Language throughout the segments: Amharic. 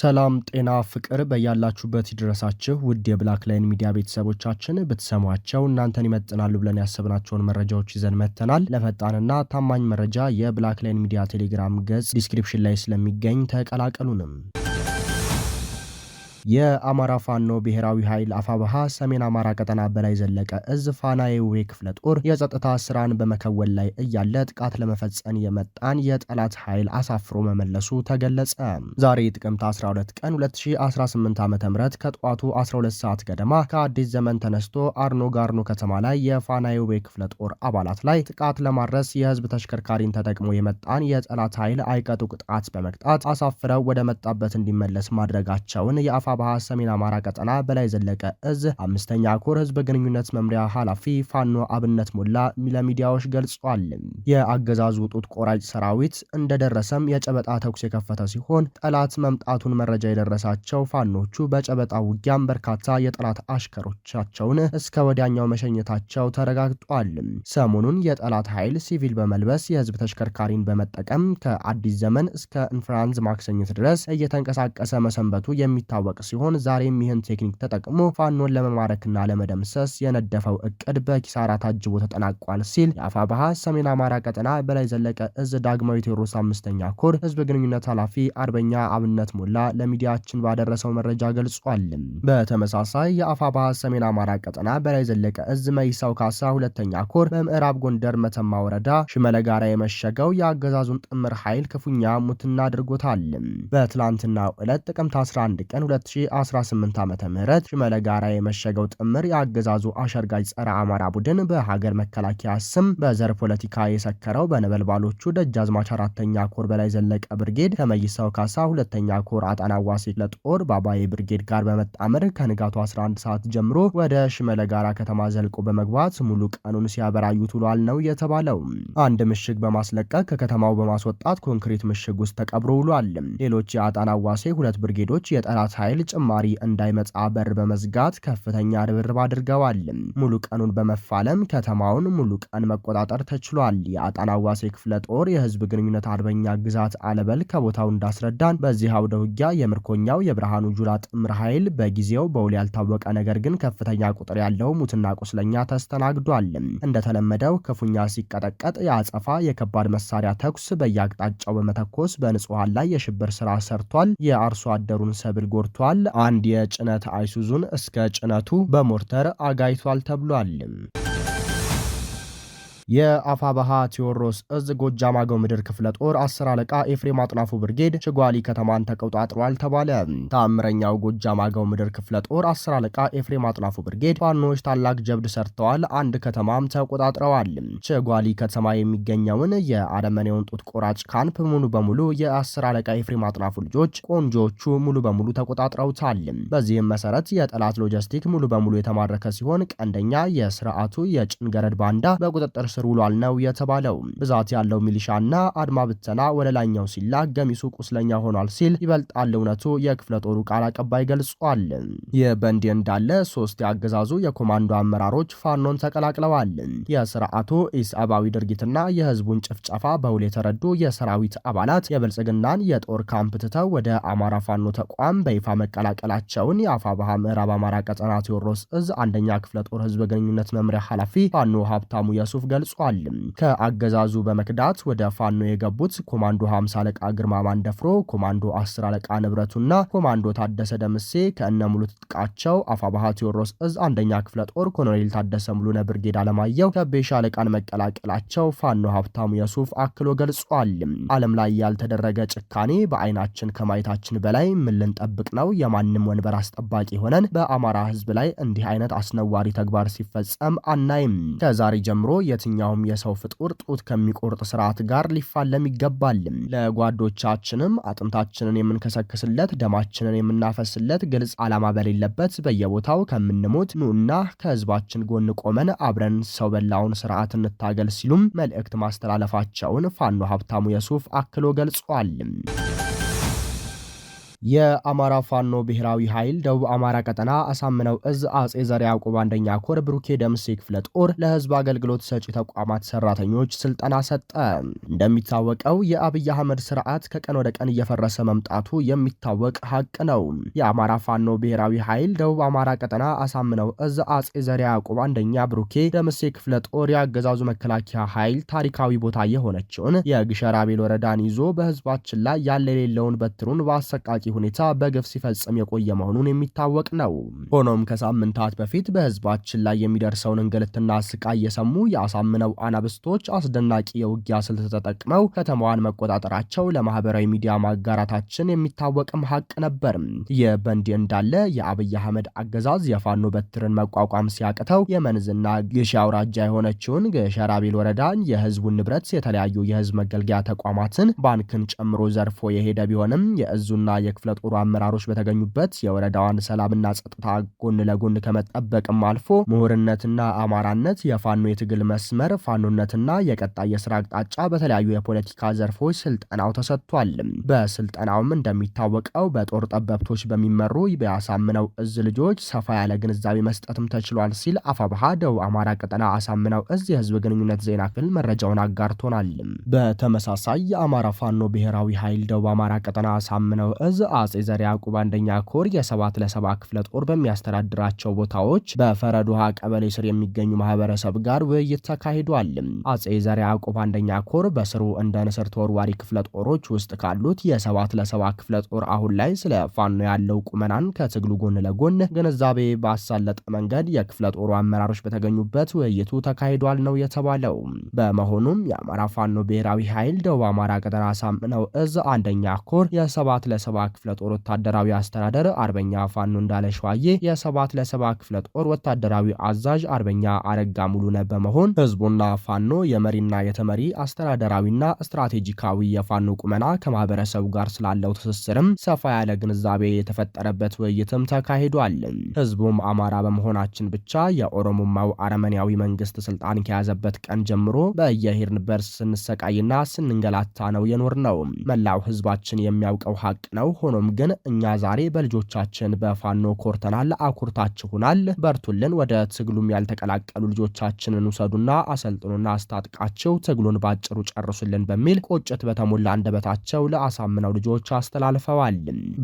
ሰላም ጤና ፍቅር በያላችሁበት ይድረሳችሁ ውድ የብላክ ላይን ሚዲያ ቤተሰቦቻችን፣ ብትሰሟቸው እናንተን ይመጥናሉ ብለን ያሰብናቸውን መረጃዎች ይዘን መጥተናል። ለፈጣንና ታማኝ መረጃ የብላክ ላይን ሚዲያ ቴሌግራም ገጽ ዲስክሪፕሽን ላይ ስለሚገኝ ተቀላቀሉንም። የአማራ ፋኖ ብሔራዊ ኃይል አፋብሃ ሰሜን አማራ ቀጠና በላይ ዘለቀ እዝ ፋና የውቤ ክፍለ ጦር የጸጥታ ስራን በመከወል ላይ እያለ ጥቃት ለመፈጸም የመጣን የጠላት ኃይል አሳፍሮ መመለሱ ተገለጸ። ዛሬ ጥቅምት 12 ቀን 2018 ዓ ም ከጠዋቱ 12 ሰዓት ገደማ ከአዲስ ዘመን ተነስቶ አርኖ ጋርኖ ከተማ ላይ የፋና የውቤ ክፍለ ጦር አባላት ላይ ጥቃት ለማድረስ የህዝብ ተሽከርካሪን ተጠቅሞ የመጣን የጠላት ኃይል አይቀጡ ቅጣት በመቅጣት አሳፍረው ወደ መጣበት እንዲመለስ ማድረጋቸውን የአፋ አፋባሃ ሰሜን አማራ ቀጠና በላይ ዘለቀ እዝ አምስተኛ ኮር ህዝብ ግንኙነት መምሪያ ኃላፊ ፋኖ አብነት ሞላ ለሚዲያዎች ገልጿል። የአገዛዙ ጡት ቆራጭ ሰራዊት እንደደረሰም የጨበጣ ተኩስ የከፈተ ሲሆን ጠላት መምጣቱን መረጃ የደረሳቸው ፋኖቹ በጨበጣ ውጊያም በርካታ የጠላት አሽከሮቻቸውን እስከ ወዲያኛው መሸኘታቸው ተረጋግጧል። ሰሞኑን የጠላት ኃይል ሲቪል በመልበስ የህዝብ ተሽከርካሪን በመጠቀም ከአዲስ ዘመን እስከ ኢንፍራንዝ ማክሰኝት ድረስ እየተንቀሳቀሰ መሰንበቱ የሚታወቅ ሲሆን ዛሬም ይህን ቴክኒክ ተጠቅሞ ፋኖን ለመማረክና ለመደምሰስ የነደፈው እቅድ በኪሳራ ታጅቦ ተጠናቋል ሲል ባሃ ሰሜን አማራ ቀጠና በላይ ዘለቀ እዝ ዳግማዊ ቴዎድሮስ አምስተኛ ኮር ህዝብ ግንኙነት ኃላፊ አርበኛ አብነት ሞላ ለሚዲያችን ባደረሰው መረጃ ገልጿል። በተመሳሳይ ባሃ ሰሜን አማራ ቀጠና በላይ ዘለቀ እዝ መይሳው ካሳ ሁለተኛ ኮር በምዕራብ ጎንደር መተማ ወረዳ ሽመለ ጋራ የመሸገው የአገዛዙን ጥምር ኃይል ክፉኛ ሙትና አድርጎታል። በትላንትናው ዕለት ጥቅምት 11 ቀን 2018 ዓ ም ሽመለ ጋራ የመሸገው ጥምር የአገዛዙ አሸርጋጅ ጸረ አማራ ቡድን በሀገር መከላከያ ስም በዘር ፖለቲካ የሰከረው በነበልባሎቹ ደጃዝማች አራተኛ ኮር በላይ ዘለቀ ብርጌድ ከመይሳው ካሳ ሁለተኛ ኮር አጣናዋሴ ለጦር ባባዬ ብርጌድ ጋር በመጣመር ከንጋቱ 11 ሰዓት ጀምሮ ወደ ሽመለ ጋራ ከተማ ዘልቆ በመግባት ሙሉ ቀኑን ሲያበራዩት ውሏል ነው የተባለው። አንድ ምሽግ በማስለቀቅ ከከተማው በማስወጣት ኮንክሪት ምሽግ ውስጥ ተቀብሮ ውሏል። ሌሎች የአጣናዋሴ ሁለት ብርጌዶች የጠላት ኃይል ኃይል ጭማሪ እንዳይመጣ በር በመዝጋት ከፍተኛ ርብርብ አድርገዋል። ሙሉ ቀኑን በመፋለም ከተማውን ሙሉ ቀን መቆጣጠር ተችሏል። የአጣና ዋሴ ክፍለ ጦር የህዝብ ግንኙነት አርበኛ ግዛት አለበል ከቦታው እንዳስረዳን በዚህ አውደ ውጊያ የምርኮኛው የብርሃኑ ጁላ ጥምር ኃይል በጊዜው በውል ያልታወቀ ነገር ግን ከፍተኛ ቁጥር ያለው ሙትና ቁስለኛ ተስተናግዷል። እንደተለመደው ክፉኛ ሲቀጠቀጥ የአጸፋ የከባድ መሳሪያ ተኩስ በየአቅጣጫው በመተኮስ በንጹሐን ላይ የሽብር ስራ ሰርቷል። የአርሶ አደሩን ሰብል ጎድቷል። ተገልጿል። አንድ የጭነት አይሱዙን እስከ ጭነቱ በሞርተር አጋይቷል ተብሏል። የአፋበሃ ቴዎድሮስ እዝ ጎጃም አገው ምድር ክፍለ ጦር አስር አለቃ ኤፍሬም አጥናፉ ብርጌድ ችጓሊ ከተማን ተቆጣጥሯል ተባለ። ተአምረኛው ጎጃም አገው ምድር ክፍለ ጦር አስር አለቃ ኤፍሬም አጥናፉ ብርጌድ ፋኖች ታላቅ ጀብድ ሰርተዋል። አንድ ከተማም ተቆጣጥረዋል። ችጓሊ ከተማ የሚገኘውን የአረመኔውን ጡት ቆራጭ ካምፕ ሙሉ በሙሉ የአስር አለቃ ኤፍሬም አጥናፉ ልጆች ቆንጆቹ ሙሉ በሙሉ ተቆጣጥረውታል። በዚህም መሰረት የጠላት ሎጂስቲክ ሙሉ በሙሉ የተማረከ ሲሆን ቀንደኛ የስርዓቱ የጭንገረድ ባንዳ በቁጥጥር ስር ስር ውሏል ነው የተባለው። ብዛት ያለው ሚሊሻና አድማ ብተና ወደ ላይኛው ሲላ ገሚሱ ቁስለኛ ሆኗል ሲል ይበልጣል እውነቱ የክፍለ ጦሩ ቃል አቀባይ ገልጿል። ይህ በእንዲህ እንዳለ ሶስት የአገዛዙ የኮማንዶ አመራሮች ፋኖን ተቀላቅለዋል። የስርዓቱ ኢሰብአዊ ድርጊትና የህዝቡን ጭፍጨፋ በውል የተረዱ የሰራዊት አባላት የብልጽግናን የጦር ካምፕ ትተው ወደ አማራ ፋኖ ተቋም በይፋ መቀላቀላቸውን የአፋ ባህ ምዕራብ አማራ ቀጠና ቴዎድሮስ እዝ አንደኛ ክፍለ ጦር ህዝብ ግንኙነት መምሪያ ኃላፊ ፋኖ ሀብታሙ የሱፍ ገልጿል። ገልጿል። ከአገዛዙ በመክዳት ወደ ፋኖ የገቡት ኮማንዶ 50 አለቃ ግርማ ማንደፍሮ፣ ኮማንዶ 10 አለቃ ንብረቱና ኮማንዶ ታደሰ ደምሴ ከእነ ሙሉ ትጥቃቸው አፋባሃ ቴዎድሮስ እዝ አንደኛ ክፍለ ጦር ኮሎኔል ታደሰ ሙሉነ ብርጌድ አለማየሁ ከቤሻ አለቃን መቀላቀላቸው ፋኖ ሀብታሙ የሱፍ አክሎ ገልጿል። ዓለም ላይ ያልተደረገ ጭካኔ በአይናችን ከማየታችን በላይ ምን ልንጠብቅ ነው? የማንም ወንበር አስጠባቂ ሆነን በአማራ ህዝብ ላይ እንዲህ አይነት አስነዋሪ ተግባር ሲፈጸም አናይም። ከዛሬ ጀምሮ የት የትኛውም የሰው ፍጡር ጡት ከሚቆርጥ ስርዓት ጋር ሊፋለም ይገባል። ለጓዶቻችንም አጥንታችንን የምንከሰክስለት፣ ደማችንን የምናፈስለት ግልጽ ዓላማ በሌለበት በየቦታው ከምንሞት ኑና ከህዝባችን ጎን ቆመን አብረን ሰው በላውን ስርዓት እንታገል ሲሉም መልእክት ማስተላለፋቸውን ፋኖ ሀብታሙ የሱፍ አክሎ ገልጿል። የአማራ ፋኖ ብሔራዊ ኃይል ደቡብ አማራ ቀጠና አሳምነው እዝ አጼ ዘር ያዕቆብ አንደኛ ኮር ብሩኬ ደምሴ ክፍለ ጦር ለህዝብ አገልግሎት ሰጪ ተቋማት ሰራተኞች ስልጠና ሰጠ። እንደሚታወቀው የአብይ አህመድ ስርዓት ከቀን ወደ ቀን እየፈረሰ መምጣቱ የሚታወቅ ሀቅ ነው። የአማራ ፋኖ ብሔራዊ ኃይል ደቡብ አማራ ቀጠና አሳምነው እዝ አጼ ዘር ያዕቆብ አንደኛ ብሩኬ ደምሴ ክፍለ ጦር የአገዛዙ መከላከያ ኃይል ታሪካዊ ቦታ የሆነችውን የግሸራቤል ወረዳን ይዞ በህዝባችን ላይ ያለ የሌለውን በትሩን በአሰቃቂ ሁኔታ በግፍ ሲፈጽም የቆየ መሆኑን የሚታወቅ ነው። ሆኖም ከሳምንታት በፊት በህዝባችን ላይ የሚደርሰውን እንግልትና ስቃይ የሰሙ የአሳምነው አናብስቶች አስደናቂ የውጊያ ስልት ተጠቅመው ከተማዋን መቆጣጠራቸው ለማህበራዊ ሚዲያ ማጋራታችን የሚታወቅም ሀቅ ነበር። ይህ በእንዲህ እንዳለ የአብይ አህመድ አገዛዝ የፋኖ በትርን መቋቋም ሲያቅተው የመንዝና ግሽ አውራጃ የሆነችውን ግሸራቤል ወረዳን የህዝቡን ንብረት፣ የተለያዩ የህዝብ መገልገያ ተቋማትን ባንክን ጨምሮ ዘርፎ የሄደ ቢሆንም የእዙና ክፍለ ጦሩ አመራሮች በተገኙበት የወረዳዋን ሰላምና ጸጥታ ጎን ለጎን ከመጠበቅም አልፎ ምሁርነትና አማራነት፣ የፋኖ የትግል መስመር፣ ፋኖነትና የቀጣይ የስራ አቅጣጫ በተለያዩ የፖለቲካ ዘርፎች ስልጠናው ተሰጥቷል። በስልጠናውም እንደሚታወቀው በጦር ጠበብቶች በሚመሩ የአሳምነው እዝ ልጆች ሰፋ ያለ ግንዛቤ መስጠትም ተችሏል ሲል አፋብሃ ደቡብ አማራ ቀጠና አሳምነው እዝ የህዝብ ግንኙነት ዜና ክፍል መረጃውን አጋርቶናል። በተመሳሳይ የአማራ ፋኖ ብሔራዊ ኃይል ደቡብ አማራ ቀጠና አሳምነው እዝ አጼ ዘርዓ ያዕቁብ አንደኛ ኮር የሰባት ለሰባ ክፍለ ጦር በሚያስተዳድራቸው ቦታዎች በፈረድ ውሃ ቀበሌ ስር የሚገኙ ማህበረሰብ ጋር ውይይት ተካሂዷል። አጼ ዘር ያዕቁብ አንደኛ ኮር በስሩ እንደ ንስር ተወርዋሪ ክፍለ ጦሮች ውስጥ ካሉት የሰባት ለሰባ ክፍለ ጦር አሁን ላይ ስለ ፋኖ ያለው ቁመናን ከትግሉ ጎን ለጎን ግንዛቤ ባሳለጠ መንገድ የክፍለ ጦሩ አመራሮች በተገኙበት ውይይቱ ተካሂዷል ነው የተባለው። በመሆኑም የአማራ ፋኖ ብሔራዊ ኃይል ደቡብ አማራ ቀጠና ሳምነው እዝ አንደኛ ኮር የሰባት ለሰባ ክፍለ ጦር ወታደራዊ አስተዳደር አርበኛ ፋኖ እንዳለ ሸዋዬ የሰባት ለሰባ ክፍለ ጦር ወታደራዊ አዛዥ አርበኛ አረጋ ሙሉነ በመሆን ህዝቡና ፋኖ የመሪና የተመሪ አስተዳደራዊና ስትራቴጂካዊ የፋኖ ቁመና ከማህበረሰቡ ጋር ስላለው ትስስርም ሰፋ ያለ ግንዛቤ የተፈጠረበት ውይይትም ተካሂዷል። ህዝቡም አማራ በመሆናችን ብቻ የኦሮሞማው አረመኔያዊ መንግስት ስልጣን ከያዘበት ቀን ጀምሮ በየሄድንበት ስንሰቃይና ስንንገላታ ነው የኖር ነው። መላው ህዝባችን የሚያውቀው ሀቅ ነው። ሆኖም ግን እኛ ዛሬ በልጆቻችን በፋኖ ኮርተናል፣ አኩርታችሁናል፣ በርቱልን፣ ወደ ትግሉም ያልተቀላቀሉ ልጆቻችንን ውሰዱና አሰልጥኑና አስታጥቃቸው ትግሉን ባጭሩ ጨርሱልን በሚል ቁጭት በተሞላ አንደበታቸው ለአሳምነው ልጆች አስተላልፈዋል።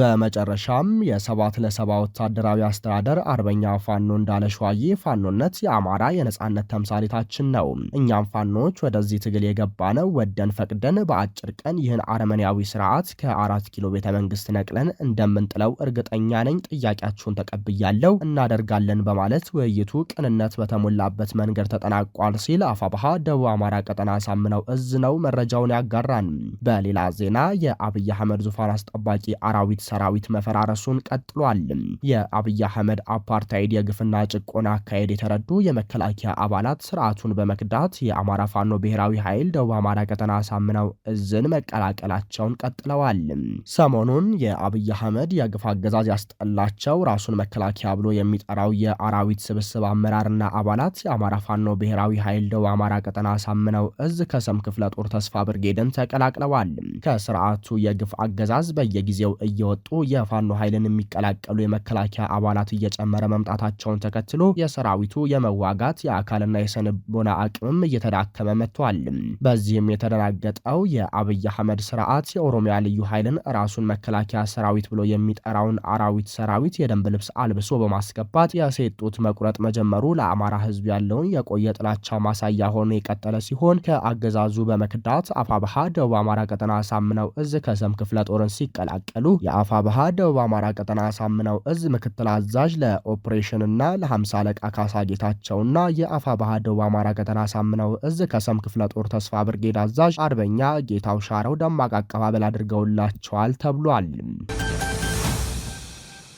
በመጨረሻም የሰባት ለሰባ ወታደራዊ አስተዳደር አርበኛ ፋኖ እንዳለ ሸዋዬ ፋኖነት የአማራ የነጻነት ተምሳሌታችን ነው። እኛም ፋኖች ወደዚህ ትግል የገባ ነው ወደን ፈቅደን በአጭር ቀን ይህን አረመኔያዊ ስርዓት ከአራት ኪሎ ቤተ መንግስት ነቅለን እንደምንጥለው እርግጠኛ ነኝ። ጥያቄያችሁን ተቀብያለሁ፣ እናደርጋለን በማለት ውይይቱ ቅንነት በተሞላበት መንገድ ተጠናቋል ሲል አፋብሃ ደቡብ አማራ ቀጠና ሳምነው እዝ ነው መረጃውን ያጋራን። በሌላ ዜና የአብይ አህመድ ዙፋን አስጠባቂ አራዊት ሰራዊት መፈራረሱን ቀጥሏል። የአብይ አህመድ አፓርታይድ የግፍና ጭቆና አካሄድ የተረዱ የመከላከያ አባላት ስርዓቱን በመክዳት የአማራ ፋኖ ብሔራዊ ኃይል ደቡብ አማራ ቀጠና ሳምነው እዝን መቀላቀላቸውን ቀጥለዋል። ሰሞኑን የአብይ አህመድ የግፍ አገዛዝ ያስጠላቸው ራሱን መከላከያ ብሎ የሚጠራው የአራዊት ስብስብ አመራርና አባላት የአማራ ፋኖ ብሔራዊ ኃይል ደቡብ አማራ ቀጠና ሳምነው እዝ ከሰም ክፍለ ጦር ተስፋ ብርጌድን ተቀላቅለዋል። ከስርዓቱ የግፍ አገዛዝ በየጊዜው እየወጡ የፋኖ ኃይልን የሚቀላቀሉ የመከላከያ አባላት እየጨመረ መምጣታቸውን ተከትሎ የሰራዊቱ የመዋጋት የአካልና የስነልቦና አቅምም እየተዳከመ መጥቷል። በዚህም የተደናገጠው የአብይ አህመድ ስርዓት የኦሮሚያ ልዩ ኃይልን ራሱን መከላከያ መከላከያ ሰራዊት ብሎ የሚጠራውን አራዊት ሰራዊት የደንብ ልብስ አልብሶ በማስገባት የሴት ጡት መቁረጥ መጀመሩ ለአማራ ህዝብ ያለውን የቆየ ጥላቻ ማሳያ ሆኖ የቀጠለ ሲሆን ከአገዛዙ በመክዳት አፋብሃ ደቡብ አማራ ቀጠና አሳምነው እዝ ከሰም ክፍለ ጦርን ሲቀላቀሉ የአፋብሃ ደቡብ አማራ ቀጠና አሳምነው እዝ ምክትል አዛዥ ለኦፕሬሽንና ለ አለቃ ካሳ ጌታቸውና የአፋብሃ ደቡብ አማራ ቀጠና አሳምነው እዝ ከሰም ክፍለ ጦር ተስፋ ብርጌድ አዛዥ አርበኛ ጌታው ሻረው ደማቅ አቀባበል አድርገውላቸዋል ተብሏል። Welcome.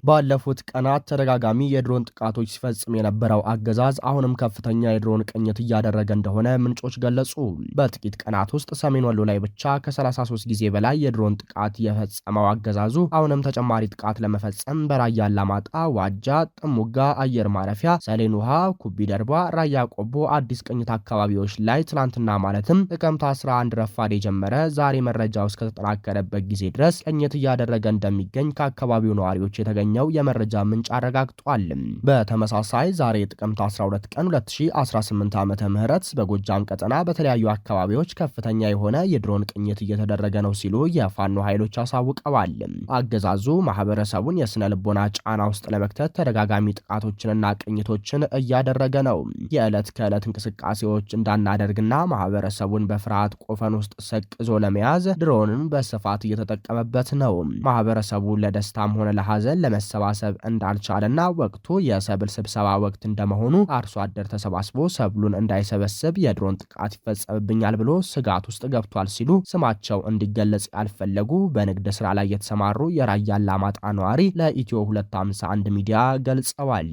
ባለፉት ቀናት ተደጋጋሚ የድሮን ጥቃቶች ሲፈጽም የነበረው አገዛዝ አሁንም ከፍተኛ የድሮን ቅኝት እያደረገ እንደሆነ ምንጮች ገለጹ። በጥቂት ቀናት ውስጥ ሰሜን ወሎ ላይ ብቻ ከ33 ጊዜ በላይ የድሮን ጥቃት የፈጸመው አገዛዙ አሁንም ተጨማሪ ጥቃት ለመፈጸም በራያ አላማጣ፣ ዋጃ፣ ጥሙጋ አየር ማረፊያ፣ ሰሌን ውሃ፣ ኩቢ ደርባ፣ ራያ ቆቦ፣ አዲስ ቅኝት አካባቢዎች ላይ ትናንትና ማለትም ጥቅምት 11 ረፋድ የጀመረ ዛሬ መረጃው እስከተጠናከረበት ጊዜ ድረስ ቅኝት እያደረገ እንደሚገኝ ከአካባቢው ነዋሪዎች የተገኘ የተገኘው የመረጃ ምንጭ አረጋግጧል። በተመሳሳይ ዛሬ ጥቅምት 12 ቀን 2018 ዓ ምህረት በጎጃም ቀጠና በተለያዩ አካባቢዎች ከፍተኛ የሆነ የድሮን ቅኝት እየተደረገ ነው ሲሉ የፋኖ ኃይሎች አሳውቀዋል። አገዛዙ ማህበረሰቡን የስነ ልቦና ጫና ውስጥ ለመክተት ተደጋጋሚ ጥቃቶችንና ቅኝቶችን እያደረገ ነው። የዕለት ከዕለት እንቅስቃሴዎች እንዳናደርግና ማህበረሰቡን በፍርሃት ቆፈን ውስጥ ሰቅዞ ለመያዝ ድሮንን በስፋት እየተጠቀመበት ነው። ማህበረሰቡ ለደስታም ሆነ ለሐዘን መሰባሰብ እንዳልቻለና ወቅቱ የሰብል ስብሰባ ወቅት እንደመሆኑ አርሶ አደር ተሰባስቦ ሰብሉን እንዳይሰበስብ የድሮን ጥቃት ይፈጸምብኛል ብሎ ስጋት ውስጥ ገብቷል ሲሉ ስማቸው እንዲገለጽ ያልፈለጉ በንግድ ስራ ላይ የተሰማሩ የራያ አላማጣ ነዋሪ ለኢትዮ 251 ሚዲያ ገልጸዋል።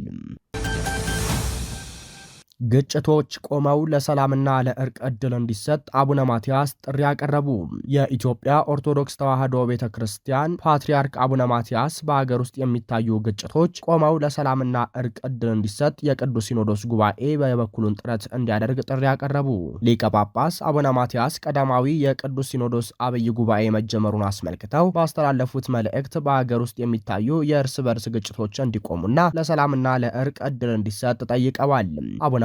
ግጭቶች ቆመው ለሰላምና ለእርቅ እድል እንዲሰጥ አቡነ ማትያስ ጥሪ አቀረቡ። የኢትዮጵያ ኦርቶዶክስ ተዋሕዶ ቤተ ክርስቲያን ፓትርያርክ አቡነ ማትያስ በሀገር ውስጥ የሚታዩ ግጭቶች ቆመው ለሰላምና እርቅ እድል እንዲሰጥ የቅዱስ ሲኖዶስ ጉባኤ የበኩሉን ጥረት እንዲያደርግ ጥሪ አቀረቡ። ሊቀ ጳጳስ አቡነ ማትያስ ቀዳማዊ የቅዱስ ሲኖዶስ አብይ ጉባኤ መጀመሩን አስመልክተው ባስተላለፉት መልእክት በሀገር ውስጥ የሚታዩ የእርስ በርስ ግጭቶች እንዲቆሙና ለሰላምና ለእርቅ እድል እንዲሰጥ ጠይቀዋል።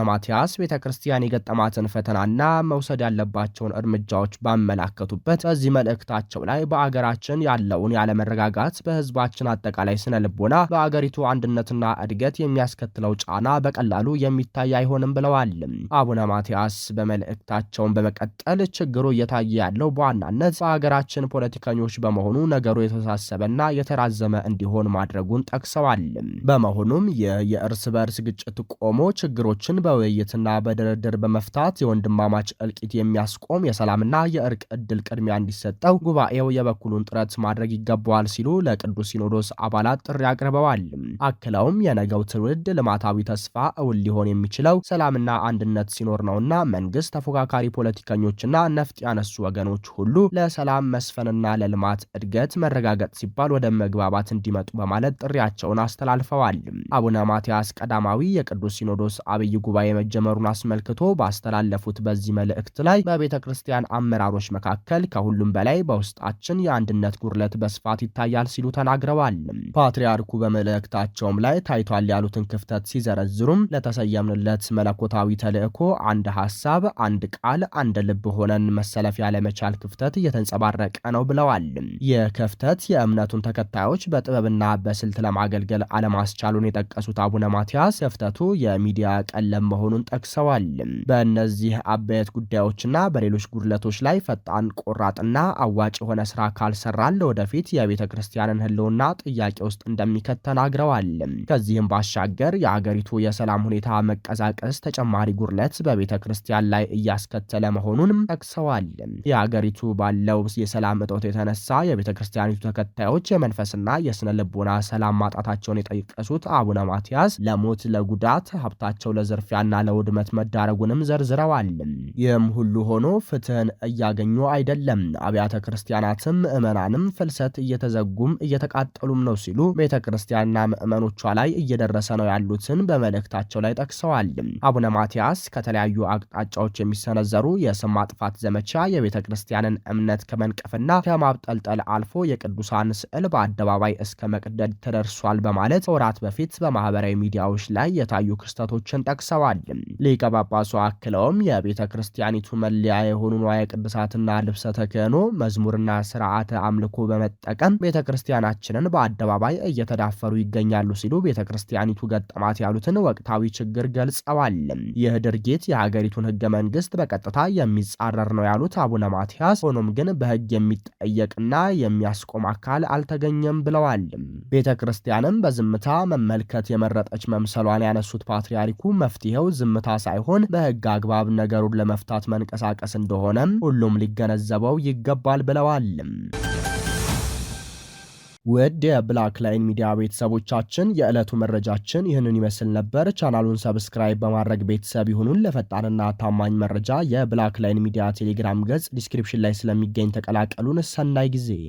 ማቲያስ ቤተ ክርስቲያን የገጠማትን ፈተናና መውሰድ ያለባቸውን እርምጃዎች ባመላከቱበት በዚህ መልእክታቸው ላይ በአገራችን ያለውን ያለመረጋጋት በህዝባችን አጠቃላይ ስነ ልቦና፣ በአገሪቱ አንድነትና እድገት የሚያስከትለው ጫና በቀላሉ የሚታይ አይሆንም ብለዋል። አቡነ ማቲያስ በመልእክታቸውን በመቀጠል ችግሩ እየታየ ያለው በዋናነት በሀገራችን ፖለቲከኞች በመሆኑ ነገሩ የተሳሰበና የተራዘመ እንዲሆን ማድረጉን ጠቅሰዋል። በመሆኑም ይህ የእርስ በእርስ ግጭት ቆሞ ችግሮችን በ በውይይትና በድርድር በመፍታት የወንድማማች እልቂት የሚያስቆም የሰላምና የእርቅ እድል ቅድሚያ እንዲሰጠው ጉባኤው የበኩሉን ጥረት ማድረግ ይገባዋል ሲሉ ለቅዱስ ሲኖዶስ አባላት ጥሪ አቅርበዋል። አክለውም የነገው ትውልድ ልማታዊ ተስፋ እውን ሊሆን የሚችለው ሰላምና አንድነት ሲኖር ነውና መንግስት፣ ተፎካካሪ ፖለቲከኞችና ነፍጥ ያነሱ ወገኖች ሁሉ ለሰላም መስፈንና ለልማት እድገት መረጋገጥ ሲባል ወደ መግባባት እንዲመጡ በማለት ጥሪያቸውን አስተላልፈዋል። አቡነ ማትያስ ቀዳማዊ የቅዱስ ሲኖዶስ አብይ ጉባኤ ጉባኤ መጀመሩን አስመልክቶ ባስተላለፉት በዚህ መልእክት ላይ በቤተ ክርስቲያን አመራሮች መካከል ከሁሉም በላይ በውስጣችን የአንድነት ጉድለት በስፋት ይታያል ሲሉ ተናግረዋል። ፓትርያርኩ በመልእክታቸውም ላይ ታይቷል ያሉትን ክፍተት ሲዘረዝሩም ለተሰየምንለት መለኮታዊ ተልእኮ አንድ ሀሳብ፣ አንድ ቃል፣ አንድ ልብ ሆነን መሰለፍ ያለመቻል ክፍተት እየተንጸባረቀ ነው ብለዋል። ይህ ክፍተት የእምነቱን ተከታዮች በጥበብና በስልት ለማገልገል አለማስቻሉን የጠቀሱት አቡነ ማትያስ ክፍተቱ የሚዲያ ቀለም መሆኑን ጠቅሰዋል። በእነዚህ አበየት ጉዳዮችና በሌሎች ጉድለቶች ላይ ፈጣን ቆራጥና አዋጭ የሆነ ስራ ካልሰራን ለወደፊት የቤተ ክርስቲያንን ህልውና ጥያቄ ውስጥ እንደሚከት ተናግረዋል። ከዚህም ባሻገር የአገሪቱ የሰላም ሁኔታ መቀዛቀስ ተጨማሪ ጉድለት በቤተ ክርስቲያን ላይ እያስከተለ መሆኑንም ጠቅሰዋል። የአገሪቱ ባለው የሰላም እጦት የተነሳ የቤተ ክርስቲያኒቱ ተከታዮች የመንፈስና የስነ ልቦና ሰላም ማጣታቸውን የጠቀሱት አቡነ ማትያስ ለሞት፣ ለጉዳት፣ ሀብታቸው ለዝርፊያ ለቁጣና ለውድመት መዳረጉንም ዘርዝረዋል። ይህም ሁሉ ሆኖ ፍትህን እያገኙ አይደለም። አብያተ ክርስቲያናትም ምዕመናንም ፍልሰት እየተዘጉም እየተቃጠሉም ነው ሲሉ ቤተ ክርስቲያንና ምዕመኖቿ ላይ እየደረሰ ነው ያሉትን በመልእክታቸው ላይ ጠቅሰዋል። አቡነ ማትያስ ከተለያዩ አቅጣጫዎች የሚሰነዘሩ የስም ማጥፋት ዘመቻ የቤተ ክርስቲያንን እምነት ከመንቀፍና ከማብጠልጠል አልፎ የቅዱሳን ስዕል በአደባባይ እስከ መቅደድ ተደርሷል በማለት ከወራት በፊት በማህበራዊ ሚዲያዎች ላይ የታዩ ክስተቶችን ጠቅሰዋል። ተናግረዋል። ሊቀ ጳጳሱ አክለውም የቤተ ክርስቲያኒቱ መለያ የሆኑ ንዋየ ቅድሳትና ልብሰ ተክህኖ፣ መዝሙርና ስርዓተ አምልኮ በመጠቀም ቤተ ክርስቲያናችንን በአደባባይ እየተዳፈሩ ይገኛሉ ሲሉ ቤተ ክርስቲያኒቱ ገጠማት ያሉትን ወቅታዊ ችግር ገልጸዋል። ይህ ድርጊት የሀገሪቱን ህገ መንግስት በቀጥታ የሚጻረር ነው ያሉት አቡነ ማትያስ፣ ሆኖም ግን በህግ የሚጠየቅና የሚያስቆም አካል አልተገኘም ብለዋል። ቤተ ክርስቲያንም በዝምታ መመልከት የመረጠች መምሰሏን ያነሱት ፓትርያርኩ መፍትሄ የሚገኘው ዝምታ ሳይሆን በህግ አግባብ ነገሩን ለመፍታት መንቀሳቀስ እንደሆነም ሁሉም ሊገነዘበው ይገባል ብለዋል። ውድ የብላክ ላይን ሚዲያ ቤተሰቦቻችን የዕለቱ መረጃችን ይህንን ይመስል ነበር። ቻናሉን ሰብስክራይብ በማድረግ ቤተሰብ ይሁኑን። ለፈጣንና ታማኝ መረጃ የብላክ ላይን ሚዲያ ቴሌግራም ገጽ ዲስክሪፕሽን ላይ ስለሚገኝ ተቀላቀሉን። ሰናይ ጊዜ